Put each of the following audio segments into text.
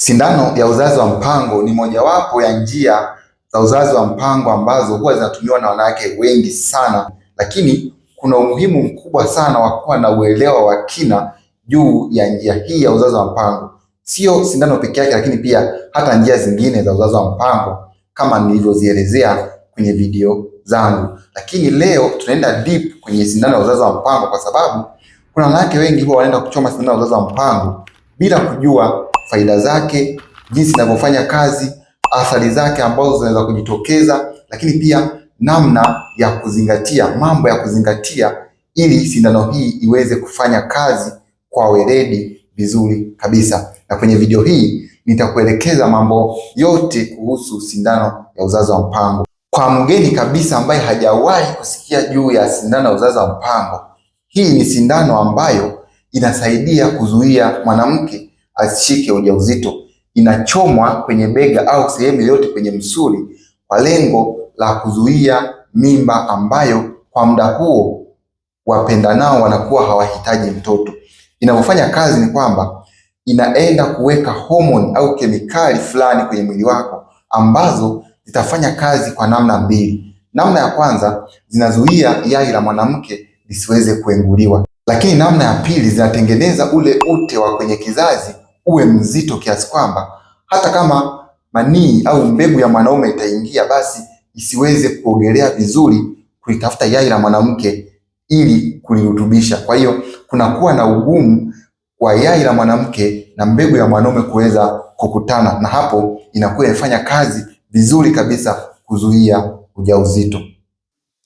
Sindano ya uzazi wa mpango ni mojawapo ya njia za uzazi wa mpango ambazo huwa zinatumiwa na wanawake wengi sana, lakini kuna umuhimu mkubwa sana wa kuwa na uelewa wa kina juu ya njia hii ya uzazi wa mpango. Sio sindano peke yake, lakini pia hata njia zingine za uzazi wa mpango kama nilivyozielezea kwenye video zangu. Lakini leo tunaenda deep kwenye sindano ya uzazi wa mpango, kwa sababu kuna wanawake wengi huwa wanaenda kuchoma sindano ya uzazi wa mpango bila kujua faida zake, jinsi inavyofanya kazi, athari zake ambazo zinaweza kujitokeza, lakini pia namna ya kuzingatia, mambo ya kuzingatia ili sindano hii iweze kufanya kazi kwa weledi vizuri kabisa. Na kwenye video hii nitakuelekeza mambo yote kuhusu sindano ya uzazi wa mpango kwa mgeni kabisa ambaye hajawahi kusikia juu ya sindano ya uzazi wa mpango. Hii ni sindano ambayo inasaidia kuzuia mwanamke asishike ujauzito inachomwa kwenye bega au sehemu yoyote kwenye msuli kwa lengo la kuzuia mimba ambayo kwa muda huo wapendanao wanakuwa hawahitaji mtoto. Inavyofanya kazi ni kwamba inaenda kuweka homoni au kemikali fulani kwenye mwili wako ambazo zitafanya kazi kwa namna mbili. Namna ya kwanza, zinazuia yai la mwanamke lisiweze kuenguliwa, lakini namna ya pili, zinatengeneza ule ute wa kwenye kizazi uwe mzito kiasi kwamba hata kama manii au mbegu ya mwanaume itaingia, basi isiweze kuogelea vizuri kuitafuta yai la mwanamke ili kulirutubisha. Kwa hiyo kunakuwa na ugumu wa yai la mwanamke na mbegu ya mwanaume kuweza kukutana, na hapo inakuwa inafanya kazi vizuri kabisa kuzuia ujauzito.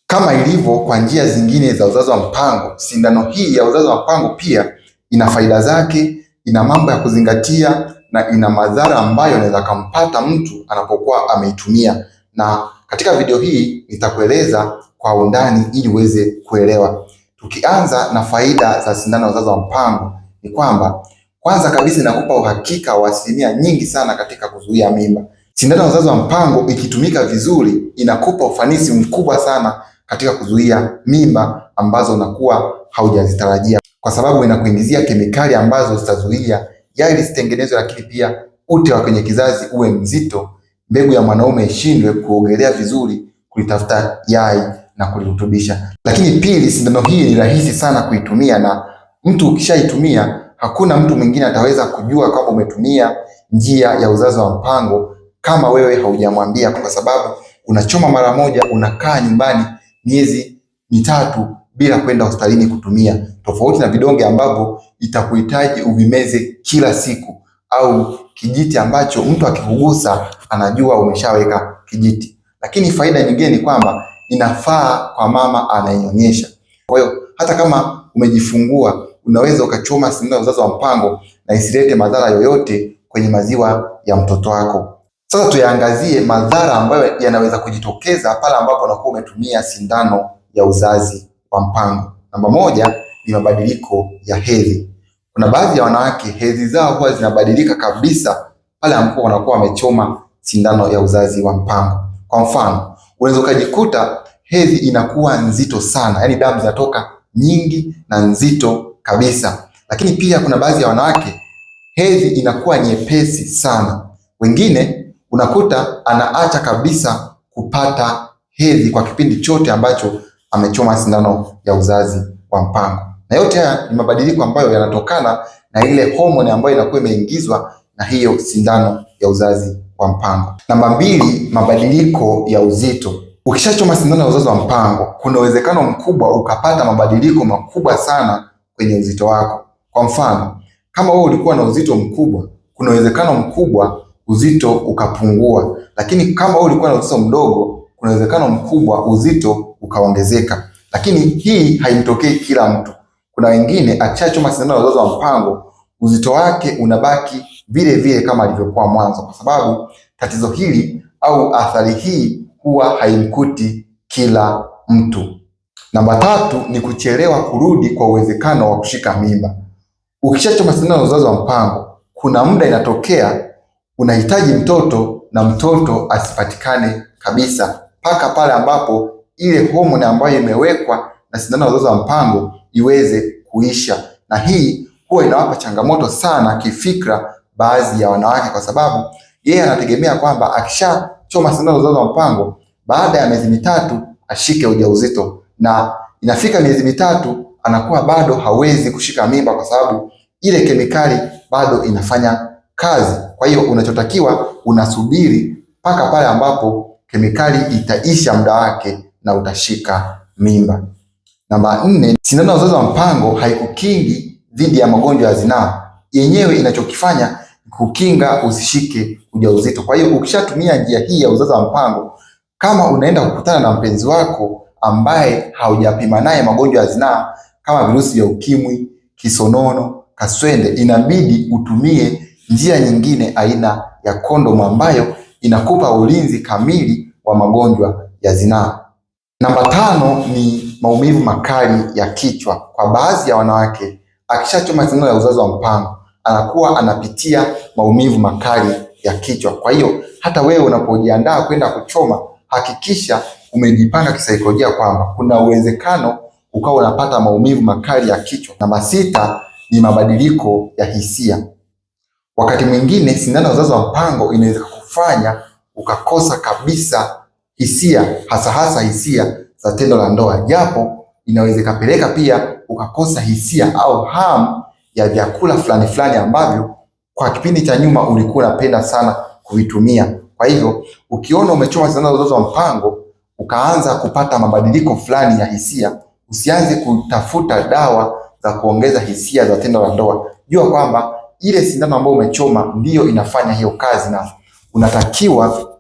Kama ilivyo kwa njia zingine za uzazi wa mpango, sindano hii ya uzazi wa mpango pia ina faida zake ina mambo ya kuzingatia na ina madhara ambayo anaweza kampata mtu anapokuwa ameitumia, na katika video hii nitakueleza kwa undani ili uweze kuelewa. Tukianza na faida za sindano ya uzazi wa mpango ni kwamba, kwanza kabisa inakupa uhakika wa asilimia nyingi sana katika kuzuia mimba. Sindano ya uzazi wa mpango ikitumika vizuri, inakupa ufanisi mkubwa sana katika kuzuia mimba ambazo unakuwa haujazitarajia kwa sababu inakuingizia kemikali ambazo zitazuia yai lisitengenezwe, lakini pia ute wa kwenye kizazi uwe mzito, mbegu ya mwanaume ishindwe kuogelea vizuri, kulitafuta yai na kulirutubisha. Lakini pili, sindano hii ni rahisi sana kuitumia, na mtu ukishaitumia hakuna mtu mwingine ataweza kujua kwamba umetumia njia ya uzazi wa mpango kama wewe haujamwambia, kwa sababu unachoma mara moja, unakaa nyumbani miezi mitatu bila kwenda hospitalini kutumia, tofauti na vidonge ambavyo itakuhitaji uvimeze kila siku, au kijiti ambacho mtu akikugusa anajua umeshaweka kijiti. Lakini faida nyingine ni kwamba inafaa kwa mama anayenyonyesha. Kwa hiyo hata kama umejifungua, unaweza ukachoma sindano ya uzazi wa mpango na isilete madhara yoyote kwenye maziwa ya mtoto wako. Sasa tuyaangazie madhara ambayo yanaweza kujitokeza pale ambapo unakuwa umetumia sindano ya uzazi wa mpango. Namba moja ni mabadiliko ya hedhi. Kuna baadhi ya wanawake hedhi zao huwa zinabadilika kabisa pale ambapo wanakuwa wamechoma sindano ya uzazi wa mpango. Kwa mfano, unaweza ukajikuta hedhi inakuwa nzito sana, yaani damu zinatoka nyingi na nzito kabisa. Lakini pia kuna baadhi ya wanawake hedhi inakuwa nyepesi sana. Wengine unakuta anaacha kabisa kupata hedhi kwa kipindi chote ambacho amechoma sindano ya uzazi wa mpango. Na yote haya ni mabadiliko ambayo yanatokana na ile homoni ambayo inakuwa imeingizwa na hiyo sindano ya uzazi wa mpango. Namba mbili, mabadiliko ya uzito. Ukishachoma sindano ya uzazi wa mpango, kuna uwezekano mkubwa ukapata mabadiliko makubwa sana kwenye uzito wako. Kwa mfano, kama wewe ulikuwa na uzito mkubwa, kuna uwezekano mkubwa uzito ukapungua, lakini kama wewe ulikuwa na uzito mdogo kuna uwezekano mkubwa uzito ukaongezeka, lakini hii haimtokei kila mtu. Kuna wengine akishachoma sindano ya uzazi wa mpango uzito wake unabaki vile vile kama alivyokuwa mwanzo, kwa sababu tatizo hili au athari hii huwa haimkuti kila mtu. Namba tatu ni kuchelewa kurudi kwa uwezekano wa kushika mimba. Ukishachoma sindano ya uzazi wa mpango, kuna muda inatokea unahitaji mtoto na mtoto asipatikane kabisa mpaka pale ambapo ile homoni ambayo imewekwa na sindano ya uzazi wa mpango iweze kuisha, na hii huwa inawapa changamoto sana kifikra baadhi ya wanawake, kwa sababu yeye anategemea kwamba akishachoma sindano ya uzazi wa mpango baada ya miezi mitatu ashike ujauzito, na inafika miezi mitatu anakuwa bado hawezi kushika mimba, kwa sababu ile kemikali bado inafanya kazi. Kwa hiyo unachotakiwa unasubiri mpaka pale ambapo kemikali itaisha muda wake na utashika mimba. Namba nne, sindano ya uzazi wa mpango haikukingi dhidi ya magonjwa ya zinaa, yenyewe inachokifanya kukinga usishike ujauzito. Kwa hiyo ukishatumia njia hii ya uzazi wa mpango, kama unaenda kukutana na mpenzi wako ambaye haujapima naye magonjwa ya zinaa kama virusi vya ukimwi, kisonono, kaswende, inabidi utumie njia nyingine aina ya kondomu ambayo inakupa ulinzi kamili wa magonjwa ya zinaa. Namba tano ni maumivu makali ya kichwa. Kwa baadhi ya wanawake, akishachoma sindano ya uzazi wa mpango anakuwa anapitia maumivu makali ya kichwa. Kwa hiyo hata wewe unapojiandaa kwenda kuchoma, hakikisha umejipanga kisaikolojia kwamba kuna uwezekano ukawa unapata maumivu makali ya kichwa. Namba sita ni mabadiliko ya hisia. Wakati mwingine sindano ya uzazi wa mpango inaweza kufanya ukakosa kabisa hisia, hasa hasa hisia za tendo la ndoa, japo inaweza ikapeleka pia ukakosa hisia au hamu ya vyakula fulani fulani ambavyo kwa kipindi cha nyuma ulikuwa unapenda sana kuvitumia. Kwa hivyo ukiona umechoma sana za uzazi wa mpango ukaanza kupata mabadiliko fulani ya hisia, usianze kutafuta dawa za kuongeza hisia za tendo la ndoa. Jua kwamba ile sindano ambayo umechoma ndiyo inafanya hiyo kazi na unatakiwa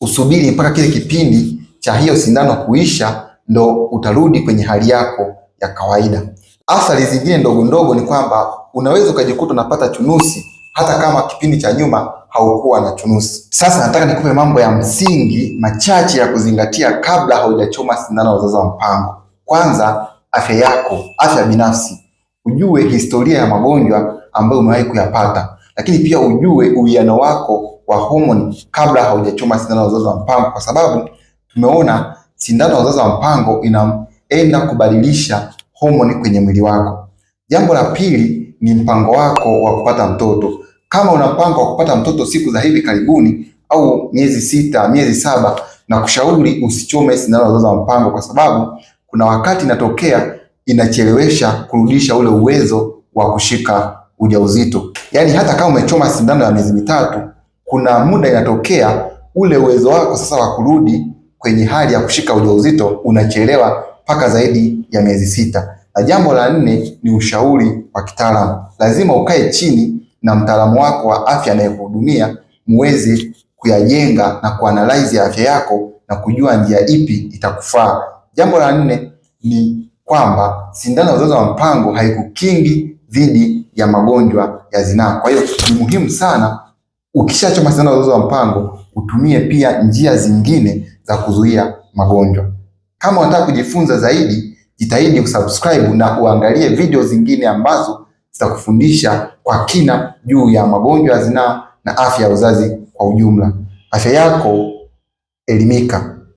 usubiri mpaka kile kipindi cha hiyo sindano kuisha, ndo utarudi kwenye hali yako ya kawaida. Athari zingine ndogo ndogo ni kwamba unaweza ukajikuta unapata chunusi hata kama kipindi cha nyuma haukuwa na chunusi. Sasa nataka nikupe mambo ya msingi machache ya kuzingatia kabla haujachoma sindano ya uzazi wa mpango. Kwanza, afya yako, afya binafsi, ujue historia ya magonjwa ambayo umewahi kuyapata lakini pia ujue uwiano wako wa homoni kabla haujachoma sindano ya uzazi wa mpango, kwa sababu tumeona sindano ya uzazi wa mpango inaenda kubadilisha homoni kwenye mwili wako. Jambo la pili ni mpango wako wa kupata mtoto. Kama una mpango wa kupata mtoto siku za hivi karibuni au miezi sita, miezi saba, na kushauri usichome sindano ya uzazi wa mpango, kwa sababu kuna wakati inatokea inachelewesha kurudisha ule uwezo wa kushika ujauzito. Yaani hata kama umechoma sindano ya miezi mitatu, kuna muda inatokea ule uwezo wako sasa wa kurudi kwenye hali ya kushika ujauzito unachelewa mpaka zaidi ya miezi sita. Na jambo la nne ni ushauri wa kitaalamu. Lazima ukae chini na mtaalamu wako wa afya anayekuhudumia muweze kuyajenga na kuanalize afya yako na kujua njia ipi itakufaa. Jambo la nne ni kwamba sindano ya uzazi wa mpango haikukingi dhidi ya magonjwa ya zinaa. Kwa hiyo ni muhimu sana ukishachoma sindano ya uzazi wa mpango utumie pia njia zingine za kuzuia magonjwa. Kama unataka kujifunza zaidi, jitahidi kusubscribe na uangalie video zingine ambazo zitakufundisha kwa kina juu ya magonjwa ya zinaa na afya ya uzazi kwa ujumla. Afya yako, elimika.